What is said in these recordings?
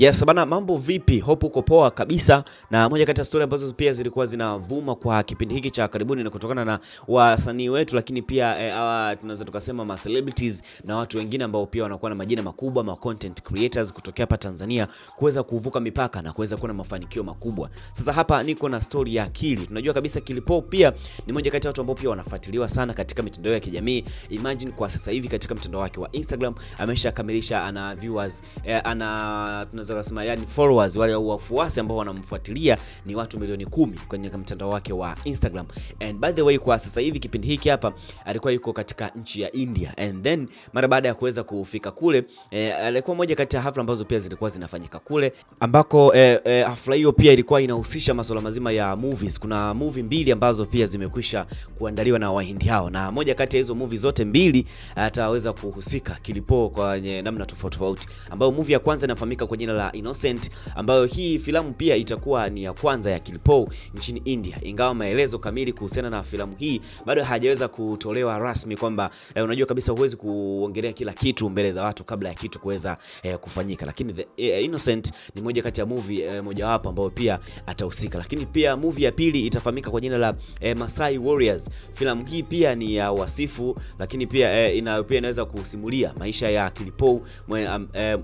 Yes, bana mambo vipi? Hope uko poa kabisa. Na moja kati ya stori ambazo pia zilikuwa zinavuma kwa kipindi hiki cha karibuni ni kutokana na wasanii wetu, lakini pia e, eh, awa tunaweza tukasema ma celebrities na watu wengine ambao pia wanakuwa na majina makubwa, ma content creators kutokea hapa Tanzania kuweza kuvuka mipaka na kuweza kuwa na mafanikio makubwa. Sasa hapa niko na stori ya Kili. Tunajua kabisa Kili Paul pia ni moja kati ya watu ambao pia wanafuatiliwa sana katika mitandao ya kijamii. Imagine kwa sasa hivi katika mtandao wake wa Instagram ameshakamilisha ana viewers, eh, ana unaweza kusema yani followers wale au wafuasi ambao wanamfuatilia ni watu milioni kumi kwenye mtandao wake wa Instagram. And by the way, kwa sasa hivi kipindi hiki hapa alikuwa yuko katika nchi ya India, and then mara baada ya kuweza kufika kule eh, alikuwa moja kati ya hafla ambazo pia zilikuwa zinafanyika kule ambako eh, eh, hafla hiyo pia ilikuwa inahusisha masuala mazima ya movies. Kuna movie mbili ambazo pia zimekwisha kuandaliwa na Wahindi hao, na moja kati ya hizo movie zote mbili ataweza kuhusika Kilipo kwenye namna tofauti tofauti, ambayo movie ya kwanza inafahamika kwa jina la Innocent, ambayo hii filamu pia itakuwa ni ya kwanza ya Kilpo nchini India, ingawa maelezo kamili kuhusiana na filamu hii bado hajaweza kutolewa rasmi, kwamba eh, unajua kabisa huwezi kuongelea kila kitu mbele za watu kabla ya kitu kuweza eh, kufanyika, lakini the, eh, Innocent ni moja kati ya movie eh, mojawapo ambayo pia atahusika, lakini pia movie ya pili itafahamika kwa jina la eh, Masai Warriors. Filamu hii pia ni ya wasifu, lakini pia eh, ina, pia inaweza kusimulia maisha ya Kilpo mwe, um, eh,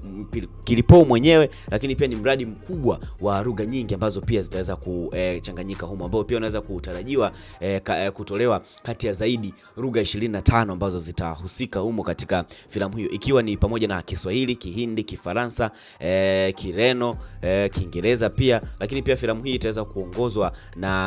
Kilpo mwenyewe wenyewe, lakini pia ni mradi mkubwa wa lugha nyingi ambazo pia zitaweza kuchanganyika humo, ambao pia unaweza kutarajiwa eh, eh, kutolewa kati ya zaidi lugha 25 ambazo zitahusika humo katika filamu hiyo, ikiwa ni pamoja na Kiswahili, Kihindi, Kifaransa, eh, Kireno, Kiingereza pia, lakini pia filamu hii itaweza kuongozwa na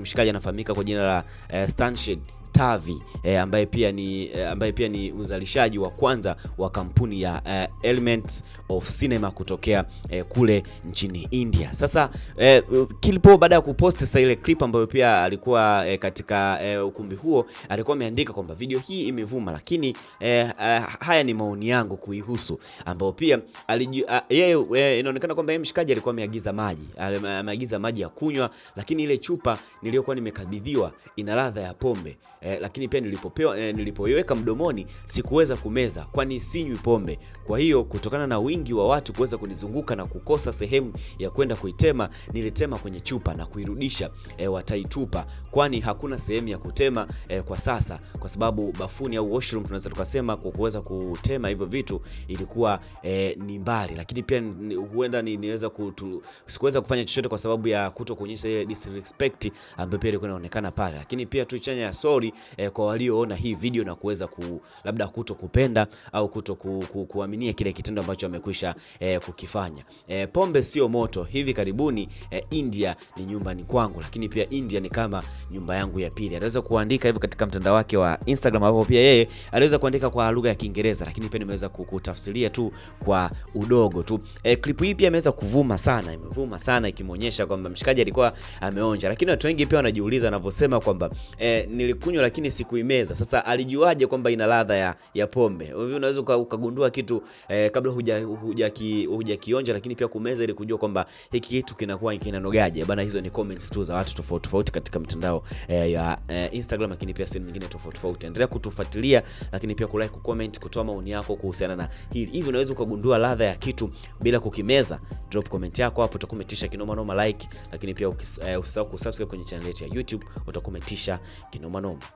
mshikaji anafahamika kwa jina la Stanshed Tavi e, eh, ambaye pia ni eh, ambaye pia ni uzalishaji wa kwanza wa kampuni ya uh, Elements of Cinema kutokea e, kule nchini India. Sasa e, Kilipo baada ya kupost sasa ile clip ambayo pia alikuwa e, katika e, ukumbi huo alikuwa ameandika kwamba video hii imevuma, lakini e, uh, haya ni maoni yangu kuihusu, ambayo pia ah, yeye e, inaonekana kwamba yeye mshikaji alikuwa ameagiza maji, ameagiza maji ya kunywa, lakini ile chupa niliyokuwa nimekabidhiwa ina ladha ya pombe eh, lakini pia nilipopewa eh, nilipoiweka mdomoni sikuweza kumeza, kwani sinywi pombe. Kwa hiyo kutokana na wingi wa watu kuweza kunizunguka na kukosa sehemu ya kwenda kuitema, nilitema kwenye chupa na kuirudisha eh, wataitupa, kwani hakuna sehemu ya kutema eh, kwa sasa, kwa sababu bafuni au washroom tunaweza tukasema kwa kuweza kutema hivyo vitu ilikuwa eh, ni mbali, lakini pia huenda ni, niweza kutu, sikuweza kufanya chochote kwa sababu ya kuto kuonyesha ile disrespect ambayo pia ilikuwa inaonekana pale, lakini pia tu chanya ya sorry eh, kwa walioona hii video na kuweza ku, labda kuto kupenda au kuto ku, ku, kuaminia kile kitendo ambacho amekwisha eh, kukifanya. Eh, pombe sio moto. Hivi karibuni eh, India ni nyumbani kwangu, lakini pia India ni kama nyumba yangu ya pili. Aliweza kuandika hivyo katika mtandao wake wa Instagram, ambapo pia yeye aliweza kuandika kwa lugha ya Kiingereza, lakini pia nimeweza kutafsiria tu kwa udogo tu. Eh, klipu hii pia imeweza kuvuma sana, imevuma sana ikimwonyesha kwamba mshikaji alikuwa ameonja, lakini watu wengi pia wanajiuliza anavyosema kwamba eh, nilikunywa lakini sikuimeza. Sasa alijuaje kwamba ina ladha ya, ya pombe? Unaweza ukagundua kitu eh, kabla hujakionja huja ki, huja lakini pia kumeza ili kujua kwamba hiki kitu kinakuwa kinanogaje bana. Hizo ni comments tu za watu tofauti tofauti katika mitandao eh, ya eh, Instagram, lakini pia sehemu nyingine tofauti tofauti. Endelea kutufuatilia, lakini pia kulike, kucomment, kutoa maoni yako kuhusiana na hili. Hivi unaweza ukagundua ladha ya kitu bila kukimeza? Drop comment yako hapo, utakometisha kinoma noma, like, lakini pia eh, usisahau eh, kusubscribe kwenye channel yetu ya YouTube, utakometisha kinoma noma.